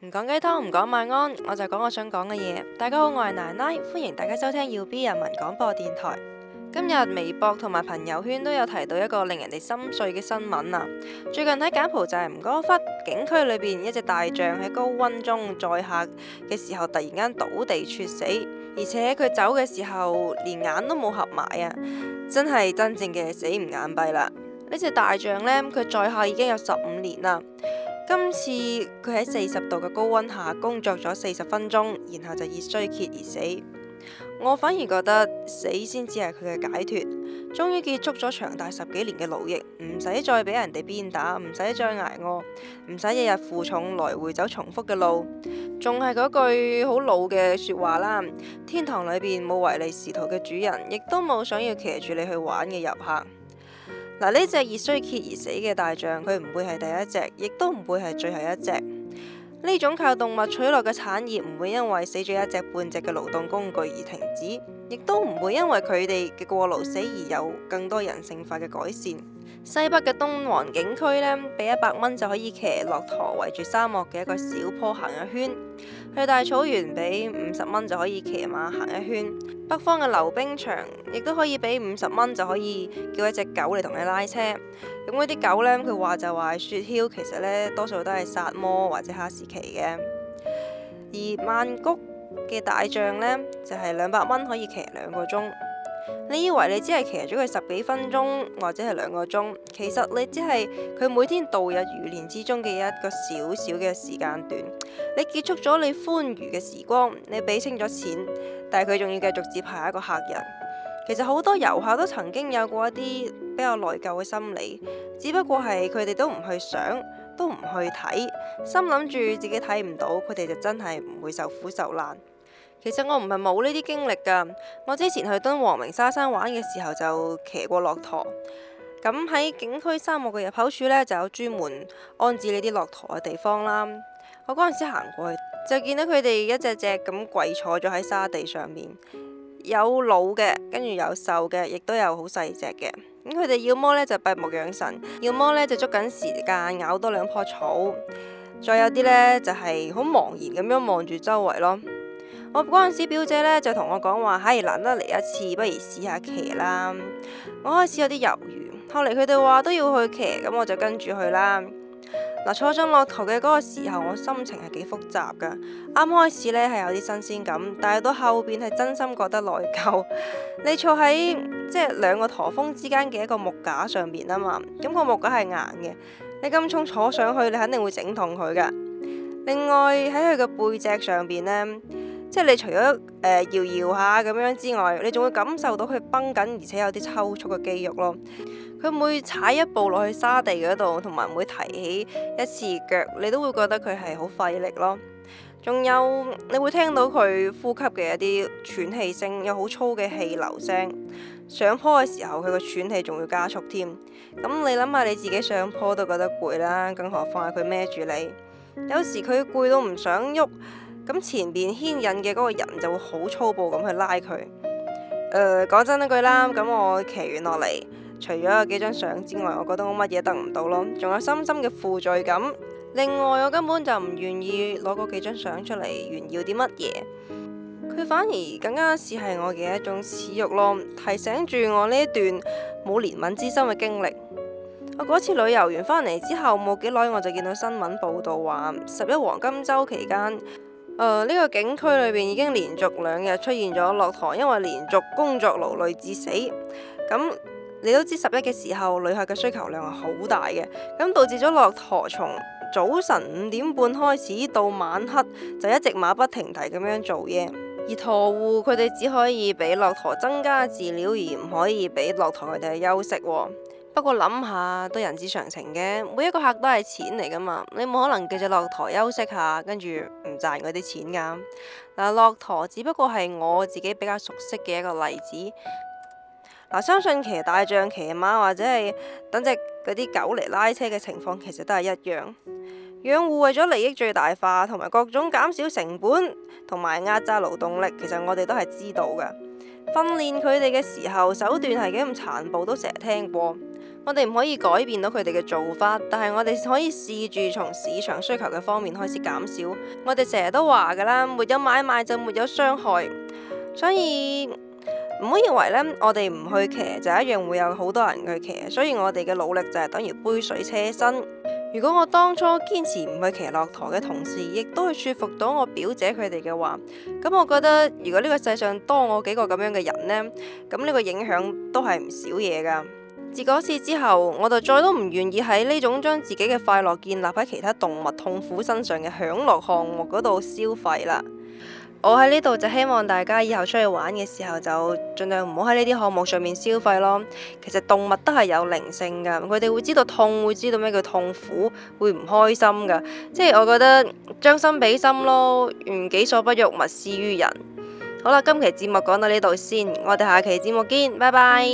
唔講雞湯，唔講晚安，我就講我想講嘅嘢。大家好，我係奶奶，歡迎大家收聽 U B 人民廣播電台。今日微博同埋朋友圈都有提到一個令人哋心碎嘅新聞啊！最近喺柬埔寨吳哥窟景區裏邊，一隻大象喺高温中載客嘅時候，突然間倒地猝死，而且佢走嘅時候連眼都冇合埋啊！真係真正嘅死唔眼閉啦！呢隻大象呢，佢載客已經有十五年啦。今次佢喺四十度嘅高溫下工作咗四十分鐘，然後就熱衰竭而死。我反而覺得死先至係佢嘅解脫，終於結束咗長達十幾年嘅勞役，唔使再俾人哋鞭打，唔使再挨餓，唔使日日負重來回走重複嘅路。仲係嗰句好老嘅説話啦，天堂裏邊冇唯利是圖嘅主人，亦都冇想要騎住你去玩嘅遊客。嗱，呢隻熱衰竭而死嘅大象，佢唔會係第一隻，亦都唔會係最後一隻。呢種靠動物取樂嘅產業，唔會因為死咗一隻半隻嘅勞動工具而停止。亦都唔會因為佢哋嘅過勞死而有更多人性化嘅改善。西北嘅敦煌景區呢，俾一百蚊就可以騎駱駝圍住沙漠嘅一個小坡行一圈；去大草原俾五十蚊就可以騎馬行一圈。北方嘅溜冰場亦都可以俾五十蚊就可以叫一隻狗嚟同你拉車。咁嗰啲狗呢，佢話就話係雪橇，其實呢，多數都係薩摩或者哈士奇嘅。而曼谷嘅大象呢，就係兩百蚊可以騎兩個鐘。你以為你只係騎咗佢十幾分鐘或者係兩個鐘，其實你只係佢每天度日如年之中嘅一個小小嘅時間段。你結束咗你歡愉嘅時光，你俾清咗錢，但係佢仲要繼續接下一個客人。其實好多遊客都曾經有過一啲比較內疚嘅心理，只不過係佢哋都唔去想。都唔去睇，心諗住自己睇唔到，佢哋就真係唔會受苦受難。其實我唔係冇呢啲經歷噶，我之前去敦煌鳴沙山玩嘅時候就騎過駱駝。咁喺景區沙漠嘅入口處呢，就有專門安置呢啲駱駝嘅地方啦。我嗰陣時行過去，就見到佢哋一隻隻咁跪坐咗喺沙地上面，有老嘅，跟住有瘦嘅，亦都有好細隻嘅。咁佢哋要麼呢就閉目養神，要麼呢就捉緊時間咬多兩棵草，再有啲呢，就係好茫然咁樣望住周圍咯。我嗰陣時表姐呢，就同我講話：唉，難得嚟一次，不如試下騎啦。我開始有啲猶豫，後嚟佢哋話都要去騎，咁我就跟住去啦。嗱，坐咗落駝嘅嗰個時候，我心情係幾複雜噶。啱開始呢係有啲新鮮感，但係到後邊係真心覺得內疚。你坐喺即係兩個駝峰之間嘅一個木架上邊啊嘛，咁個木架係硬嘅，你咁重坐上去，你肯定會整痛佢噶。另外喺佢嘅背脊上邊呢，即係你除咗誒、呃、搖搖下咁樣之外，你仲會感受到佢繃緊，而且有啲抽搐嘅肌肉咯。佢每踩一步落去沙地嗰度，同埋每提起一次腳，你都會覺得佢係好費力咯。仲有你會聽到佢呼吸嘅一啲喘氣聲，有好粗嘅氣流聲。上坡嘅時候，佢嘅喘氣仲要加速添。咁你諗下你自己上坡都覺得攰啦，更何況係佢孭住你。有時佢攰到唔想喐。咁前邊牽引嘅嗰個人就會好粗暴咁去拉佢。誒，呃，講真一句啦，咁我騎完落嚟，除咗有幾張相之外，我覺得我乜嘢得唔到咯，仲有深深嘅負罪感。另外，我根本就唔願意攞嗰幾張相出嚟炫耀啲乜嘢。佢反而更加似係我嘅一種恥辱咯，提醒住我呢一段冇憐憫之心嘅經歷。我嗰次旅遊完返嚟之後冇幾耐，我就見到新聞報道話十一黃金週期間。誒呢、呃這個景區裏邊已經連續兩日出現咗駱駝，因為連續工作勞累致死。咁你都知十一嘅時候，旅客嘅需求量係好大嘅，咁導致咗駱駝從早晨五點半開始到晚黑就一直馬不停蹄咁樣做嘢。而駱駝戶佢哋只可以俾駱駝增加飼料，而唔可以俾駱駝佢哋休息喎。不過諗下都人之常情嘅，每一個客都係錢嚟噶嘛，你冇可能叫隻駱駝休息下，跟住唔賺佢啲錢噶。嗱，駱駝只不過係我自己比較熟悉嘅一個例子。嗱，相信騎大象、騎馬或者係等隻嗰啲狗嚟拉車嘅情況，其實都係一樣。養護為咗利益最大化，同埋各種減少成本，同埋壓榨勞動力，其實我哋都係知道嘅。訓練佢哋嘅時候手段係幾咁殘暴，都成日聽過。我哋唔可以改變到佢哋嘅做法，但係我哋可以試住從市場需求嘅方面開始減少。我哋成日都話噶啦，沒有買賣就沒有傷害，所以唔好以為呢，我哋唔去騎就一樣會有好多人去騎，所以我哋嘅努力就係等於杯水車薪。如果我當初堅持唔去騎駱駝嘅同時，亦都去說服到我表姐佢哋嘅話，咁我覺得如果呢個世上多我幾個咁樣嘅人呢，咁呢個影響都係唔少嘢噶。自嗰次之後，我就再都唔願意喺呢種將自己嘅快樂建立喺其他動物痛苦身上嘅享樂項目嗰度消費啦。我喺呢度就希望大家以後出去玩嘅時候就盡量唔好喺呢啲項目上面消費咯。其實動物都係有靈性㗎，佢哋會知道痛，會知道咩叫痛苦，會唔開心㗎。即係我覺得將心比心咯，如己所不欲，勿施於人。好啦，今期節目講到呢度先，我哋下期節目見，拜拜。